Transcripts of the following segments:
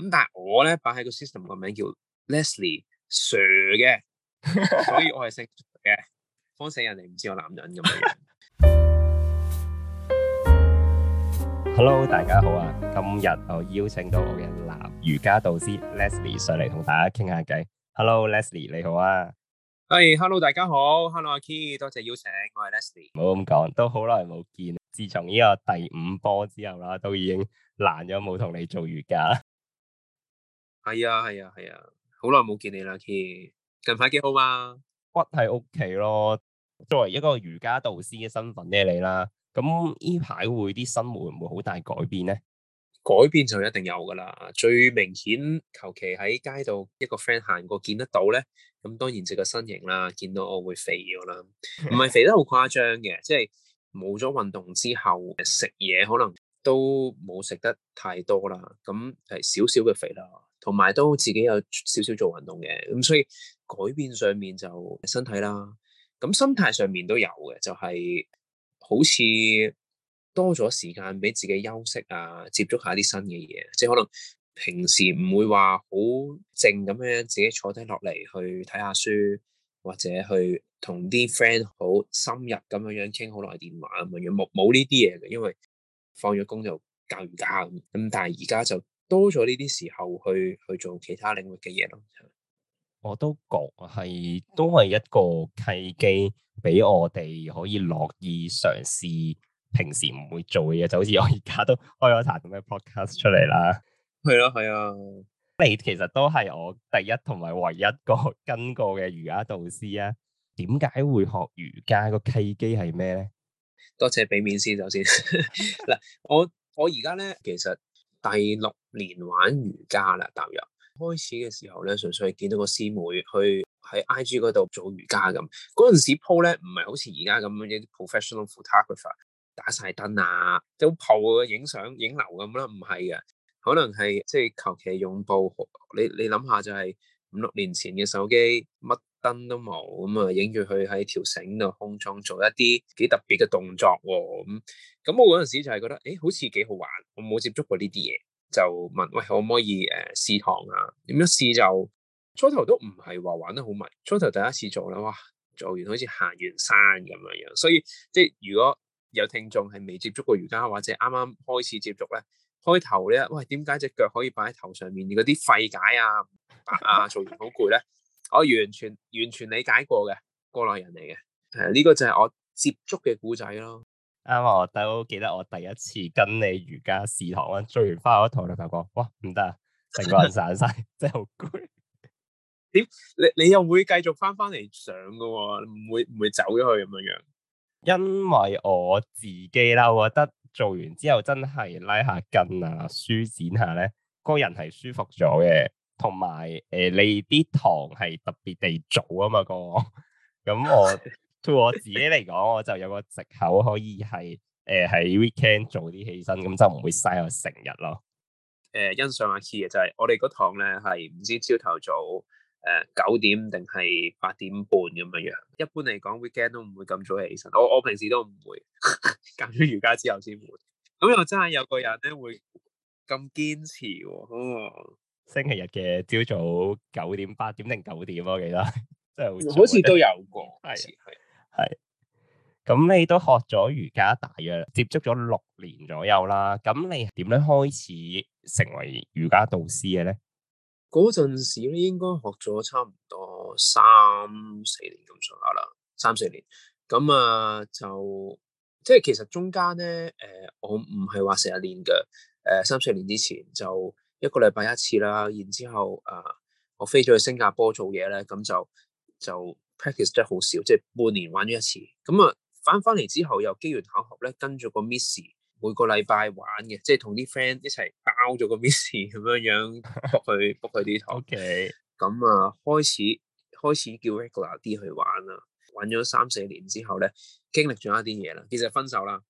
咁但係我咧，擺喺個 system 個名叫 Leslie Sir 嘅，所以我係姓 Sir 嘅，方醒人哋唔知我男人咁樣。Hello，大家好啊！今日我邀請到我嘅男瑜伽導師 Leslie 上嚟同大家傾下偈。Hello，Leslie，你好啊！係，Hello，大家好。Hello，阿 Key，多謝邀請，我係 Leslie。唔好咁講，都好耐冇見，自從呢個第五波之後啦，都已經難咗冇同你做瑜伽。係啊係啊係啊！好耐冇見你啦 Ken。近排幾好嘛？骨係屋企咯。作為一個瑜伽導師嘅身份咧，你啦，咁呢排會啲生活會唔會好大改變咧？改變就一定有噶啦。最明顯，求其喺街度一個 friend 行過見得到咧。咁當然即個身形啦，見到我會肥咗啦。唔係肥得好誇張嘅，即係冇咗運動之後食嘢可能都冇食得太多啦。咁係少少嘅肥啦。同埋都自己有少少做運動嘅，咁所以改變上面就身體啦，咁心態上面都有嘅，就係好似多咗時間俾自己休息啊，接觸下啲新嘅嘢，即係可能平時唔會話好靜咁樣，自己坐低落嚟去睇下書，或者去同啲 friend 好深入咁樣樣傾好耐電話咁樣，冇冇呢啲嘢嘅，因為放咗工就教瑜伽咁，咁但係而家就。多咗呢啲時候去去做其他領域嘅嘢咯。我都覺係都係一個契機，俾我哋可以樂意嘗試平時唔會做嘅嘢，就好似我而家都開咗壇咁嘅 podcast 出嚟啦。係咯，係啊，啊你其實都係我第一同埋唯一一個跟過嘅瑜伽導師啊。點解會學瑜伽？個契機係咩咧？多謝俾面先，首先嗱， 我我而家咧，其實。第六年玩瑜伽啦，踏入開始嘅時候咧，純粹係見到個師妹去喺 IG 嗰度做瑜伽咁。嗰陣時 po 咧，唔係好似而家咁樣啲 professional photographer 打晒燈啊，都 po 影相影樓咁啦，唔係嘅，可能係即係求其用部，你你諗下就係五六年前嘅手機乜？燈都冇，咁啊，影住佢喺條繩度空中做一啲幾特別嘅動作，哦，咁、嗯、咁我嗰陣時就係覺得，誒、欸，好似幾好玩，我冇接觸過呢啲嘢，就問，喂，可唔可以誒試堂啊？點樣試就初頭都唔係話玩得好密，初頭第一次做啦，哇，做完好似行完山咁樣樣，所以即係如果有聽眾係未接觸過瑜伽或者啱啱開始接觸咧，開頭咧，喂，點解隻腳可以擺喺頭上面，而嗰啲廢解啊，啊、啊，做完好攰咧？我完全完全理解過嘅，過來人嚟嘅，係、啊、呢、呢個就係我接觸嘅古仔咯。啱我都記得我第一次跟你瑜伽試堂啦，做完翻嗰堂就發覺，哇唔得啊，成個人散晒， 真係好攰。點你你又會繼續翻翻嚟上噶、啊？唔會唔會走咗去咁樣樣？因為我自己啦，我覺得做完之後真係拉下筋啊，舒展下咧，個人係舒服咗嘅。同埋誒，你啲堂係特別地早啊嘛，個。咁我 對我自己嚟講，我就有個藉口可以係誒喺、呃、weekend 早啲起身，咁就唔會嘥我成日咯。誒、呃，欣賞阿 K 嘅就係我哋嗰堂咧係唔知朝頭早誒九點定係八點半咁樣樣。一般嚟講，weekend 都唔會咁早起身。我我平時都唔會， 隔咗瑜伽之後先會。咁又真係有個人咧會咁堅持喎、啊。嗯星期日嘅朝早九點八點定九點，我記得即係好似都有過，係係係。咁你都學咗瑜伽大約接觸咗六年左右啦。咁你點樣開始成為瑜伽導師嘅咧？嗰陣時咧，應該學咗差唔多三四年咁上下啦，三四年。咁啊，就即係其實中間咧，誒，我唔係話成日練嘅。誒，三四年之前就。一個禮拜一次啦，然之後，誒、呃，我飛咗去新加坡做嘢咧，咁就就 practice 得好少，即係半年玩咗一次。咁啊，翻翻嚟之後又機緣巧合咧，跟住個 miss，每個禮拜玩嘅，即係同啲 friend 一齊包咗個 miss 咁樣樣，book 佢 book 佢啲堂。O K，咁啊，開始開始叫 regular 啲去玩啦，玩咗三四年之後咧，經歷咗一啲嘢啦，其實分手啦。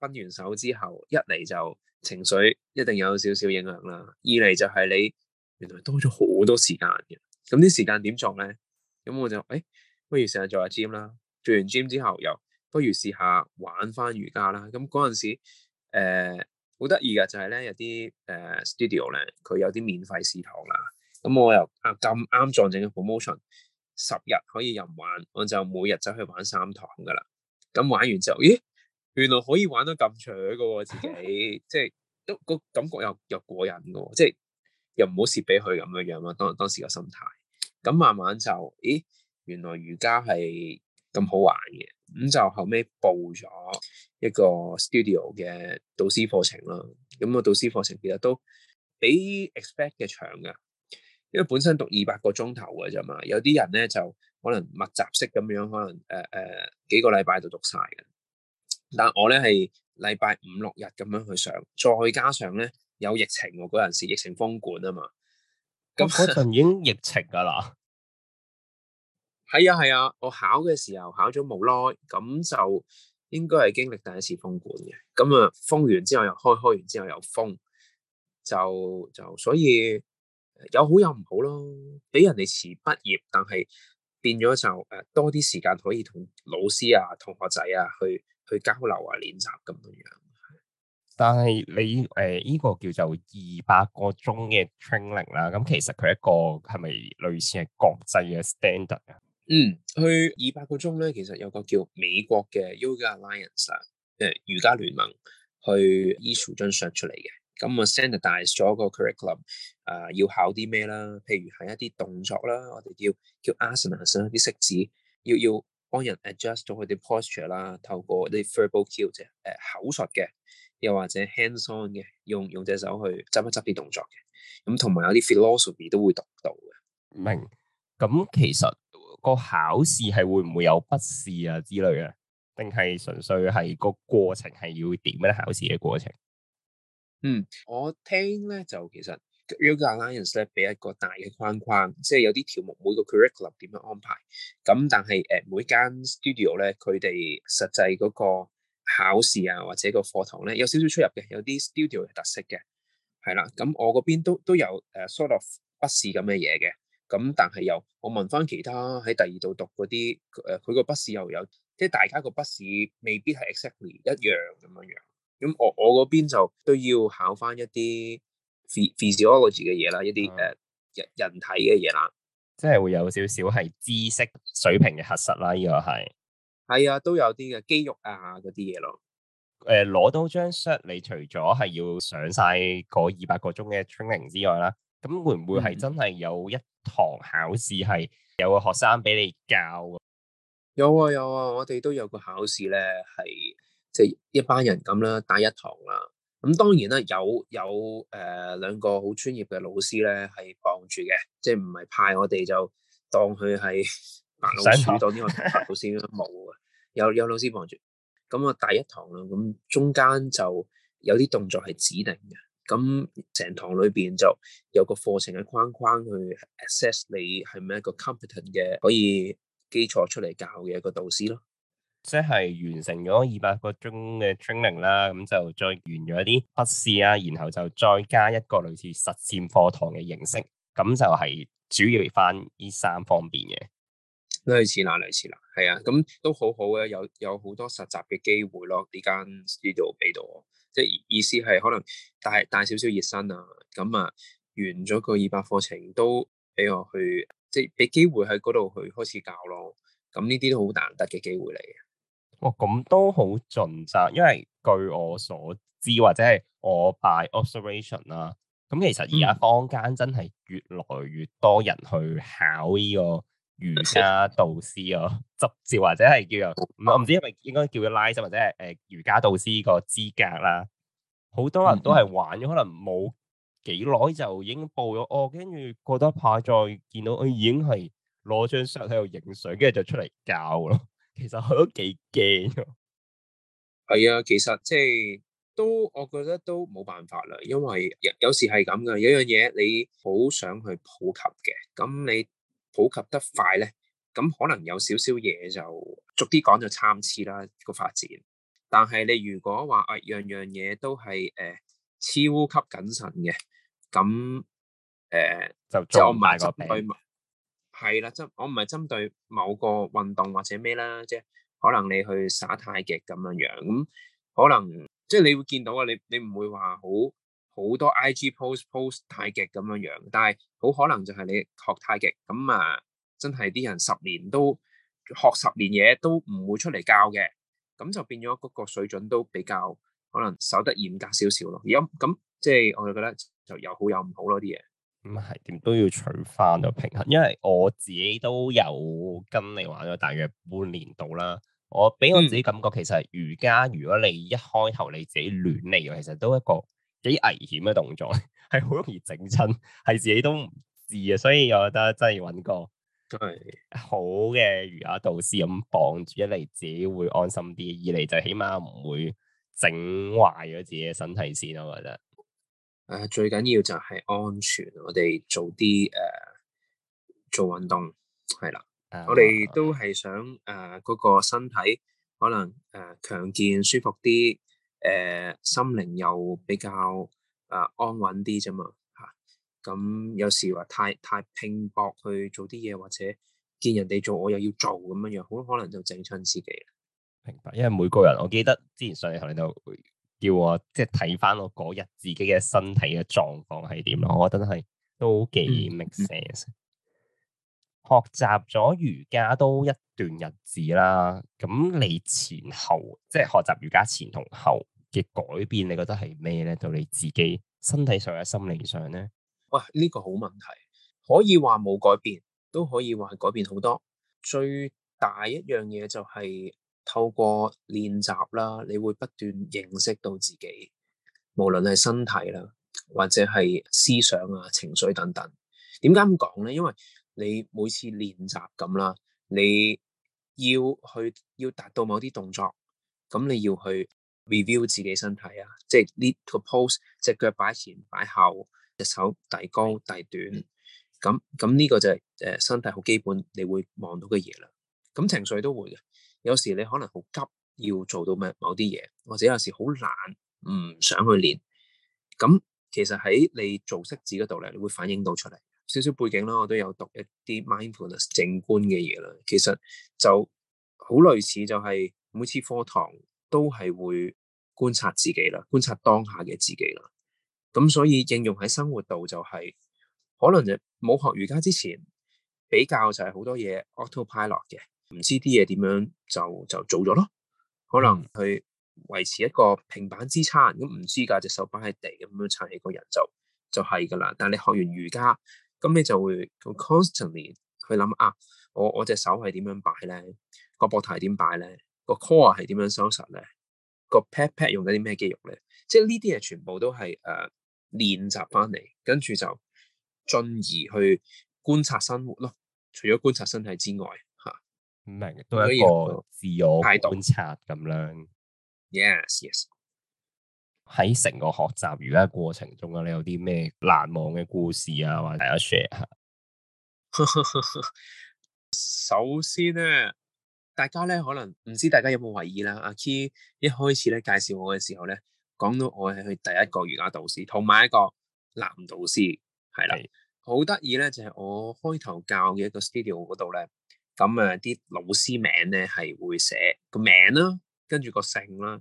分完手之後，一嚟就情緒一定有少少影響啦；二嚟就係你原來多咗好多時間嘅，咁啲時間點作咧？咁我就誒、欸，不如成日做下 gym 啦。做完 gym 之後又，又不如試下玩翻瑜伽啦。咁嗰陣時誒好得意嘅就係、是、咧，有啲誒、呃、studio 咧，佢有啲免費試堂啦。咁我又啊咁啱撞正嘅 promotion，十日可以任玩，我就每日走去玩三堂噶啦。咁玩完之後，咦？原來可以玩得咁長嘅喎，自己即係都個感覺又又過癮嘅喎，即係又唔好蝕俾佢咁樣樣嘛。當當時個心態，咁慢慢就，咦，原來瑜伽係咁好玩嘅，咁就後尾報咗一個 studio 嘅導師課程啦。咁個導師課程其實都比 expect 嘅長㗎，因為本身讀二百個鐘頭嘅啫嘛。有啲人咧就可能密集式咁樣，可能誒誒、呃呃、幾個禮拜就讀晒嘅。但我咧係禮拜五六日咁樣去上，再加上咧有疫情嗰陣時，疫情封館啊嘛。咁可能已經疫情噶啦。係 啊係啊，我考嘅時候考咗冇耐，咁就應該係經歷第一次封館嘅。咁啊封完之後又開，開完之後又封，就就所以有好有唔好咯。俾人哋遲畢業，但係變咗就誒、呃、多啲時間可以同老師啊、同學仔啊去。去交流啊，練習咁樣樣。但係你誒依、呃、這個叫做二百個鐘嘅 training 啦，咁其實佢一個係咪類似係國際嘅 standard 啊？嗯，去二百個鐘咧，其實有個叫美國嘅 Yoga Alliance，誒、呃、瑜伽聯盟去 issue 張上書出嚟嘅，咁我 standardize 咗個 curriculum，誒、呃、要考啲咩啦？譬如係一啲動作啦，我哋要叫 asanas 啊，啲色字要要。要幫人 adjust 咗佢啲 posture 啦，透過啲 verbal cue 即、呃，誒口述嘅，又或者 hands on 嘅，用用隻手去執一執啲動作嘅，咁同埋有啲 philosophy 都會讀到嘅。明，咁其實、個考試係會唔會有筆試啊之類啊，定係純粹係個過程係要點樣考試嘅過程？嗯，我聽咧就其實。Alliance 咧俾一個大嘅框框，即係有啲條目每個 curriculum 點樣安排。咁但係誒每間 studio 咧，佢哋實際嗰個考試啊，或者個課堂咧，有少少出入嘅，有啲 studio 嘅特色嘅，係啦。咁我嗰邊都都有、啊、sort of 筆試咁嘅嘢嘅。咁但係又我問翻其他喺第二度讀嗰啲誒，佢個筆試又有，即係大家個筆試未必係 exactly 一樣咁樣樣。咁我我嗰邊就都要考翻一啲。physiology 嘅嘢啦，一啲誒人人體嘅嘢啦，即係會有少少係知識水平嘅核實啦。呢、這個係係 啊，都有啲嘅肌肉啊嗰啲嘢咯。誒攞、嗯、到張 cert，你除咗係要上晒嗰二百個鐘嘅 training 之外啦，咁會唔會係真係有一堂考試係有個學生俾你教？有啊有啊，我哋都有個考試咧，係即係一班人咁啦，打一堂啦。咁當然啦，有有誒兩個好專業嘅老師咧係傍住嘅，即係唔係派我哋就當佢係白老師，當呢個白老師冇啊想， 有有老師傍住。咁啊，第一堂啦，咁中間就有啲動作係指定嘅，咁成堂裏邊就有個課程嘅框框去 assess 你係咪一個 competent 嘅可以基礎出嚟教嘅一個導師咯。即係完成咗二百個鐘嘅 training 啦，咁就再完咗一啲筆試啊，然後就再加一個類似實踐課堂嘅形式，咁就係主要翻呢三方面嘅。類似啦，類似啦，係啊，咁都好好嘅，有有好多實習嘅機會咯。呢間呢度俾到我，即係意思係可能帶帶少少熱身啊，咁啊完咗個二百課程都俾我去，即係俾機會喺嗰度去開始教咯。咁呢啲都好難得嘅機會嚟。哇！咁、哦、都好盡責，因為據我所知，或者係我 by observation 啦，咁其實而家坊間真係越來越多人去考呢個瑜伽導師個執照，或者係叫啊、嗯，我唔知係咪應該叫咗 license 或者係誒、呃、瑜伽導師個資格啦。好多人都係玩咗，可能冇幾耐就已經報咗哦，跟住覺得怕再見到我、哎、已經係攞張相喺度影相，跟住就出嚟教咯。其實佢都幾驚，係啊，其實即、就、係、是、都，我覺得都冇辦法啦，因為有時係咁噶，有一樣嘢你好想去普及嘅，咁你普及得快咧，咁可能有少少嘢就逐啲講就參差啦個發展。但係你如果話誒、啊、樣樣嘢都係誒、呃、超級謹慎嘅，咁誒、呃、就裝埋個。係啦，即我唔係針對某個運動或者咩啦，即係可能你去耍太極咁樣樣，咁可能即係你會見到啊，你你唔會話好好多 IG post post 太極咁樣樣，但係好可能就係你學太極咁啊，真係啲人十年都學十年嘢，都唔會出嚟教嘅，咁就變咗嗰個水準都比較可能守得嚴格少少咯。而咁咁即係我就覺得就有好有唔好咯啲嘢。咁係點都要取翻個平衡，因為我自己都有跟你玩咗大約半年度啦。我俾我自己感覺，其實瑜伽如果你一開頭你自己亂嚟，其實都一個幾危險嘅動作，係好容易整親，係自己都唔知啊。所以我覺得真係要揾個好嘅瑜伽導師咁綁住，一嚟自己會安心啲，二嚟就起碼唔會整壞咗自己嘅身體先咯。我覺得。誒、啊，最緊要就係安全。我哋做啲誒、呃、做運動係啦，啊、我哋都係想誒嗰、呃那個身體可能誒強、呃、健舒服啲，誒、呃、心靈又比較誒、呃、安穩啲啫嘛。吓咁、啊、有時話太太拼搏去做啲嘢，或者見人哋做我又要做咁樣樣，好可能就整親自己。明白，因為每個人，我記得之前上嚟同你都會。叫我即係睇翻我嗰日自己嘅身體嘅狀況係點咯，我覺得係都幾 make sense。嗯嗯、學習咗瑜伽都一段日子啦，咁你前後即係學習瑜伽前同後嘅改變，你覺得係咩咧？到你自己身體上或心理上咧？哇，呢個好問題，可以話冇改變，都可以話係改變好多。最大一樣嘢就係、是。透過練習啦，你會不斷認識到自己，無論係身體啦，或者係思想啊、情緒等等。點解咁講咧？因為你每次練習咁啦，你要去要達到某啲動作，咁你要去 review 自己身體啊，即係呢個 pose 隻腳擺前擺後，隻手遞高遞短，咁咁呢個就係誒身體好基本，你會望到嘅嘢啦。咁情緒都會嘅。有時你可能好急要做到咩某啲嘢，或者有時好懶唔想去練。咁其實喺你做識字嗰度咧，你會反映到出嚟。少少背景啦，我都有讀一啲 mindfulness 靜觀嘅嘢啦。其實就好類似，就係每次課堂都係會觀察自己啦，觀察當下嘅自己啦。咁所以應用喺生活度就係、是，可能就冇學瑜伽之前，比較就係好多嘢 autopilot 嘅。唔知啲嘢點樣就就做咗咯，可能去維持一個平板支撐咁，唔知架隻手擺喺地咁樣撐起個人就就係噶啦。但係你學完瑜伽咁，你就會 constantly 去諗啊，我我隻手係點樣擺咧，個膊頭係點擺咧，個 core 係點樣收實咧，個 pat pat 用緊啲咩肌肉咧，即係呢啲嘢全部都係誒、呃、練習翻嚟，跟住就進而去觀察生活咯。除咗觀察身體之外。明，都一個自我觀察咁樣。Yes, yes。喺成個學習瑜伽過程中啊，你有啲咩難忘嘅故事啊？或者大家 share 下。 首先咧，大家咧可能唔知大家有冇回憶啦。阿 Key 一開始咧介紹我嘅時候咧，講到我係佢第一個瑜伽導師，同埋一個男導師係啦。的好得意咧，就係我開頭教嘅一個 studio 嗰度咧。咁啊啲老師名咧係會寫個名啦，跟住個姓啦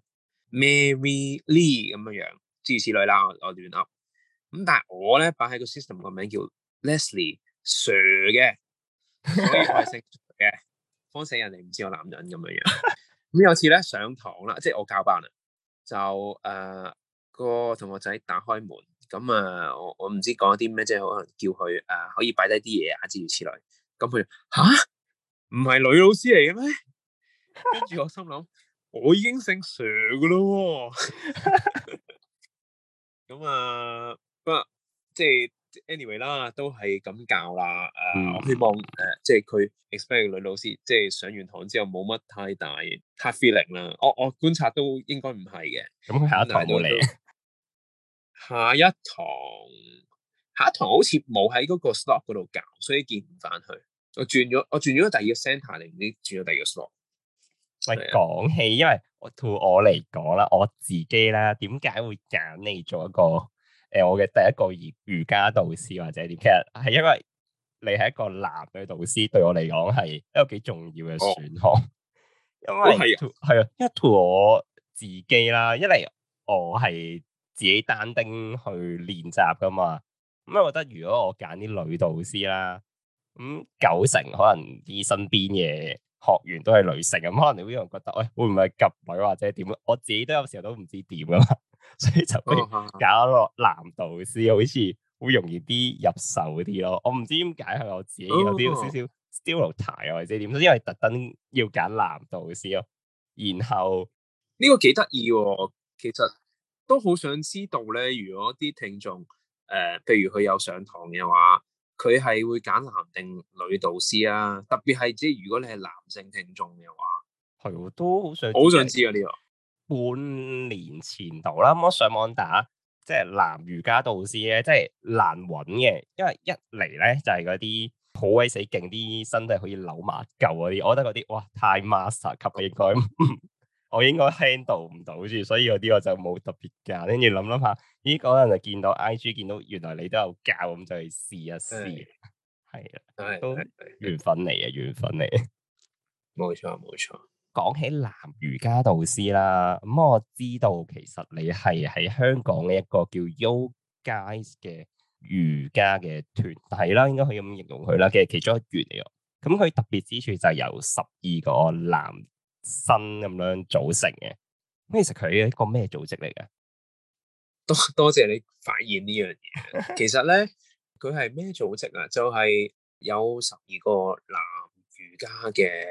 ，Mary Lee 咁樣樣，諸如此類啦，我亂噏。咁但係我咧擺喺個 system 個名叫 Leslie Sir 嘅，所以我係姓嘅， 方便人哋唔知我男人咁樣樣。咁、 嗯、有次咧上堂啦，即係我教班啊，就誒、呃那個同學仔打開門，咁啊我我唔知講啲咩，即係可能叫佢誒、呃、可以擺低啲嘢啊，諸如此類。咁佢吓？唔係女老師嚟嘅咩？跟住我心諗， 我已經姓 Sir 噶啦。咁 啊，不過即係 anyway 啦，都係咁教啦。誒，我希望誒，即、uh, 係佢 expect 女老師，即、就、係、是、上完堂之後冇乜太大 hard feeling 啦。我我觀察都應該唔係嘅。咁佢下一堂都嚟。下一堂，下一堂好似冇喺嗰個 stop 嗰度教，所以見唔翻佢。我轉咗，我轉咗第二 centre 嚟，唔知轉咗第二個 shop 咪講起，因為我 to 我嚟講啦，我自己啦，點解會揀你做一個誒、呃，我嘅第一個瑜瑜伽導師或者點？其實係因為你係一個男嘅導師，對我嚟講係一個幾重要嘅選項。哦、因為係啊、哦，因為 to 我自己啦，因為我係自己單丁去練習噶嘛。咁我覺得如果我揀啲女導師啦。咁、嗯、九成可能啲身邊嘅學員都係女性，咁、嗯、可能有人覺得，喂、欸，會唔會係夾女或者點？我自己都有時候都唔知點啊嘛，所以就不如搞落男導師，嗯嗯、好似會容易啲入手啲咯。我唔知點解係我自己有啲少少 studio 題或者點，因為特登要揀男導師咯。然後呢個幾得意喎，其實都好想知道咧，如果啲聽眾誒，譬、呃、如佢有上堂嘅話。佢係會揀男定女導師啊，特別係即係如果你係男性聽眾嘅話，係我都好想，好想知啊呢這個半年前度啦，我上網打即係男瑜伽導師咧，即係難搵嘅，因為一嚟咧就係嗰啲好鬼死勁，啲身體可以扭埋一嚿嗰啲，我覺得嗰啲哇太 master 級嘅應該。 我應該 handle 唔到住，所以有啲我就冇特別教，跟住諗諗下，咦嗰陣就見到 IG，見到原來你都有教，咁就去試一試，係啊，都緣分嚟嘅，緣分嚟，嘅，冇錯冇錯。講起男瑜伽導師啦，咁、嗯、我知道其實你係喺香港嘅一個叫 Yo Guys 嘅瑜伽嘅團體啦，應該可以咁形容佢啦，嘅其中一員嚟嘅。咁、嗯、佢、嗯、特別之處就係由十二個男。新咁樣組成嘅，咁其實佢係一個咩組織嚟嘅？多多謝你發現呢樣嘢。 其實咧，佢係咩組織啊？就係、是、有十二個男瑜伽嘅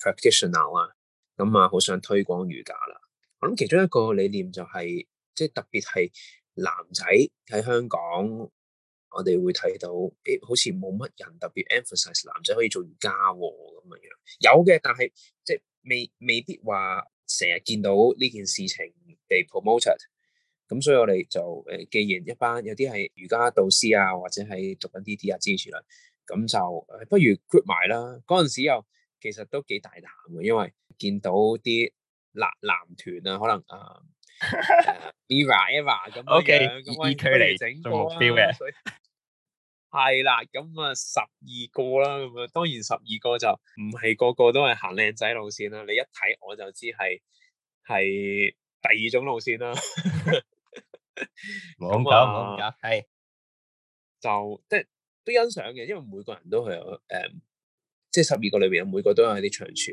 practitioner 啊，咁、嗯、啊，好想推廣瑜伽啦。我諗其中一個理念就係、是，即係特別係男仔喺香港，我哋會睇到，欸、好似冇乜人特別 emphasize 男仔可以做瑜伽咁、啊、嘅樣。有嘅，但係即係。未未必話成日見到呢件事情被 promoted，咁所以我哋就誒，既然一班有啲係瑜伽導師啊，或者係讀緊啲啲啊支持啦，咁就不如 group 埋啦。嗰陣時又其實都幾大膽嘅，因為見到啲男男團啊，可能啊 Eva Eva 咁樣,以佢嚟整做目標嘅。 係啦，咁啊十二個啦，咁啊當然十二個就唔係個個都係行靚仔路線啦。你一睇我就知係係第二種路線啦。冇咁講，冇咁講，係就即係都欣賞嘅，因為每個人都係有誒、呃，即係十二個裏邊有每個都有一啲長處。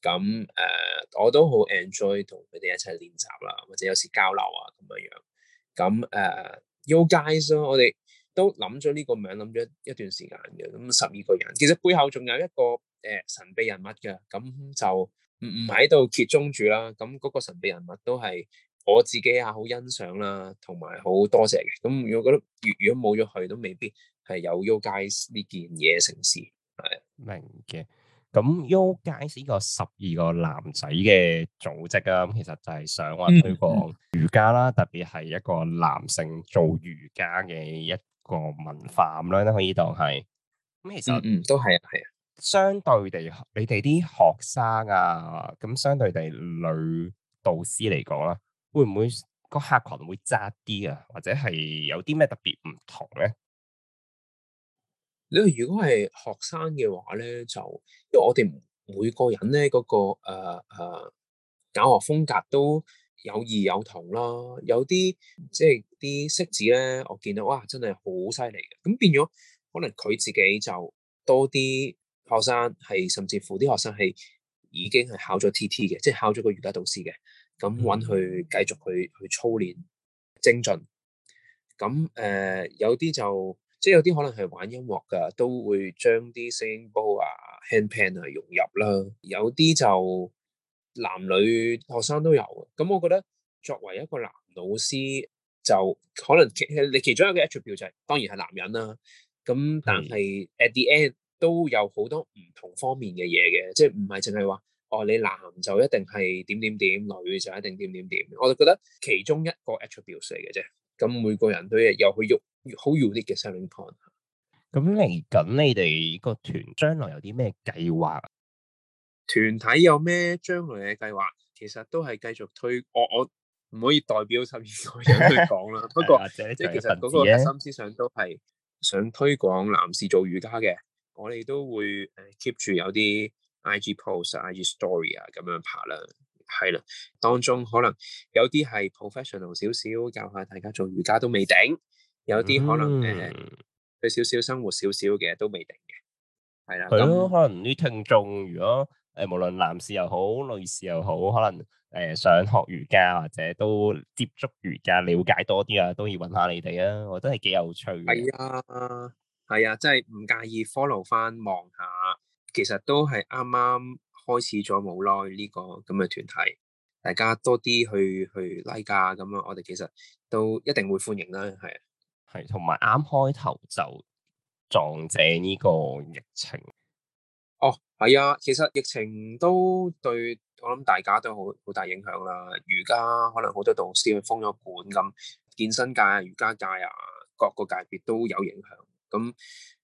咁誒、呃，我都好 enjoy 同佢哋一齊練習啦，或者有時交流啊咁樣樣。咁誒、呃、，You guys 我哋。都諗咗呢個名，諗咗一段時間嘅。咁十二個人，其實背後仲有一個誒、呃、神秘人物嘅。咁就唔唔喺度揭中住啦。咁嗰個神秘人物都係我自己啊，好欣賞啦，同埋好多謝嘅。咁果覺得，如如果冇咗佢，都未必係有 U 街呢件嘢成事。係明嘅。咁 U Guys 呢個十二個男仔嘅組織啊，咁其實就係想話推廣瑜伽啦，嗯、特別係一個男性做瑜伽嘅一個文化咁樣咧，可以當係咁其實，嗯，都係啊，係啊。相對地，你哋啲學生啊，咁相對地女導師嚟講啦，會唔會個客群會窄啲啊？或者係有啲咩特別唔同咧？你如果係學生嘅話咧，就因為我哋每個人咧嗰、那個誒誒、呃呃、教學風格都有異有同啦，有啲即係啲識字咧，我見到哇真係好犀利嘅，咁變咗可能佢自己就多啲學生係甚至乎啲學生係已經係考咗 T T 嘅，嗯、即係考咗個瑜伽導師嘅，咁揾佢繼續去去操練精進，咁誒、呃、有啲就。即係有啲可能係玩音樂㗎，都會將啲 singing bowl 啊、handpan 啊融入啦。有啲就男女學生都有嘅。咁、嗯、我覺得作為一個男老師就，就可能其你其中一個 attribute 就係、是、當然係男人啦。咁但係、嗯、at the end 都有好多唔同方面嘅嘢嘅，即係唔係淨係話哦你男就一定係點點點，女就一定點點點。我就覺得其中一個 attribute 嚟嘅啫。咁、嗯、每個人都有去用。好 unique 嘅 selling point。咁嚟緊，你哋個團將來有啲咩計劃？團體有咩將來嘅計劃？其實都係繼續推。我我唔可以代表十二個人去講啦。 不過或者即係 其實嗰個核心思想都係想推廣男士做瑜伽嘅。我哋都會誒 keep 住有啲 IG post 啊、IG story 啊咁樣拍啦，係啦。當中可能有啲係 professional 少少，教下大家做瑜伽都未定。有啲可能誒，佢少少生活少少嘅都未定嘅，係啦。係、嗯、咁可能啲聽眾，如果誒、呃、無論男士又好，女士又好，可能誒、呃、想學瑜伽或者都接觸瑜伽、了解多啲啊，都要揾下你哋啊，我覺得係幾有趣嘅。係啊，係啊，真係唔介意 follow 翻望下，其實都係啱啱開始咗冇耐呢個咁嘅團體，大家多啲去去拉架咁啊，樣我哋其實都一定會歡迎啦，係。係，同埋啱開頭就撞正呢個疫情。哦，係啊,其實疫情都對我諗大家都好好大影響啦。瑜伽可能好多導師封咗館，咁，健身界啊、瑜伽界啊，各個界別都有影響。咁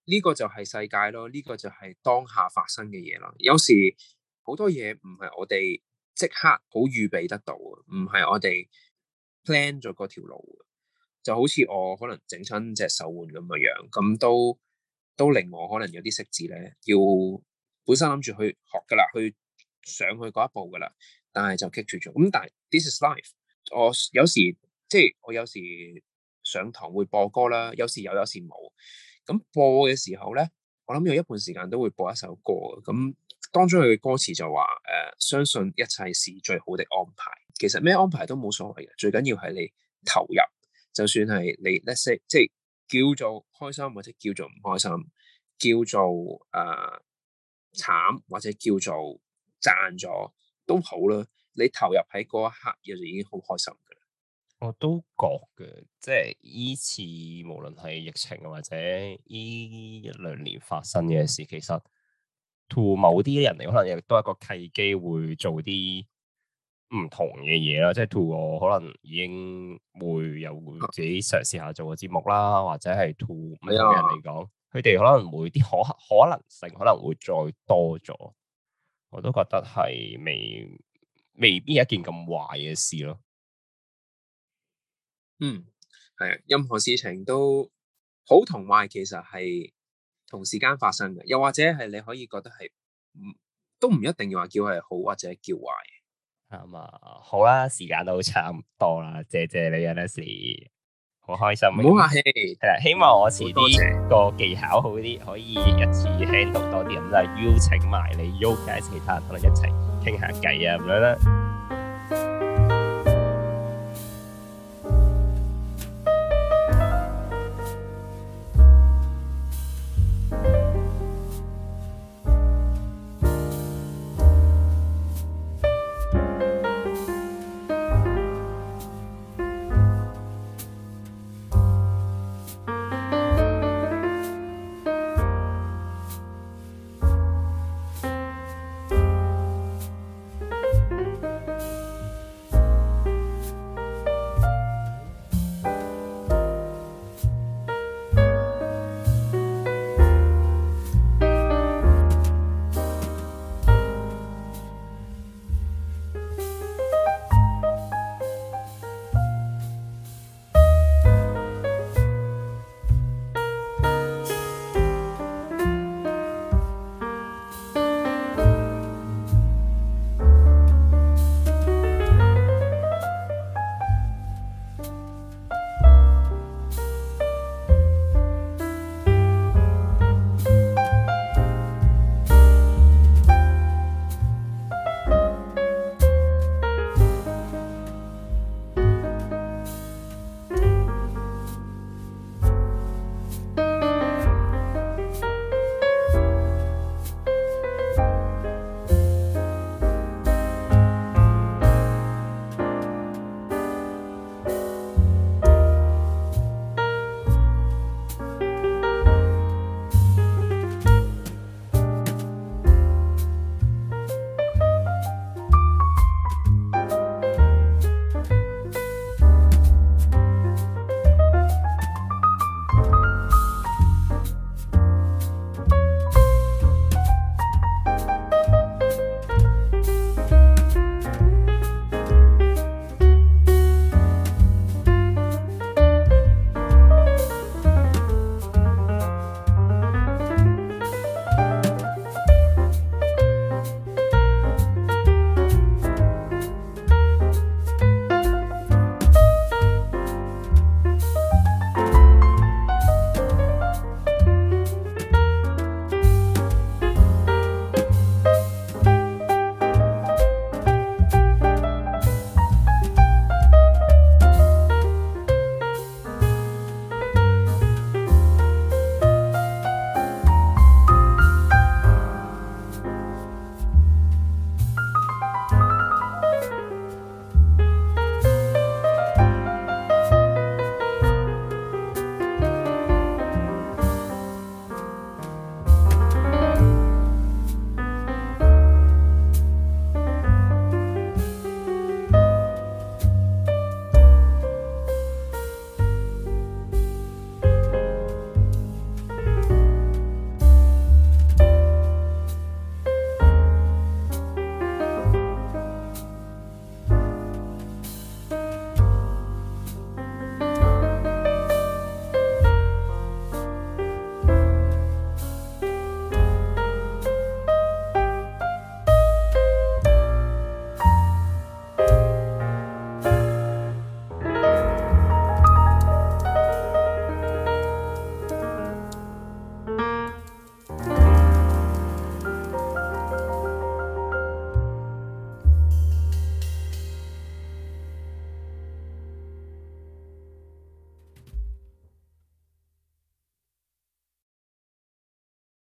呢個就係世界咯，呢、這個就係當下發生嘅嘢啦。有時好多嘢唔係我哋即刻好預備得到，唔係我哋 plan 咗嗰條路。就好似我可能整親隻手腕咁嘅樣，咁都都令我可能有啲識字咧，要本身諗住去學㗎喇，去上去嗰一步㗎喇，但係就棘住咗。咁但係 This is life，我有時即係我有時上堂會播歌啦，有時有，有時冇。咁播嘅時候咧，我諗有一半時間都會播一首歌嘅。咁當中佢嘅歌詞就話，誒、呃，相信一切是最好的安排。其實咩安排都冇所謂嘅，最緊要係你投入。就算係你，let’s say，即係叫做開心或者叫做唔開心，叫做誒慘、呃、或者叫做賺咗都好啦。你投入喺嗰一刻，你就已經好開心噶啦。我都覺嘅，即係依次無論係疫情或者依一兩年發生嘅事，其實圖某啲人嚟，可能亦都係一個契機，會做啲。唔同嘅嘢啦，即係 to 我可能已經會有會自己嘗試下做個節目啦，啊、或者係 to 咩樣嘅人嚟講，佢哋、哎、呀可能會啲可可能性可能會再多咗，我都覺得係未未必一件咁壞嘅事咯。嗯，係啊，任何事情都好同壞，壞其實係同時間發生嘅，又或者係你可以覺得係唔都唔一定要話叫係好或者叫壞。咁啊、嗯，好啦，時間都差唔多啦，謝謝你啊 Leslie 好開心，唔好客氣，係啦，希望我遲啲個技巧好啲，可以一次 handle 多啲，咁就邀請埋你 oga，約下其他人，可能一齊傾下偈啊，咁樣啦。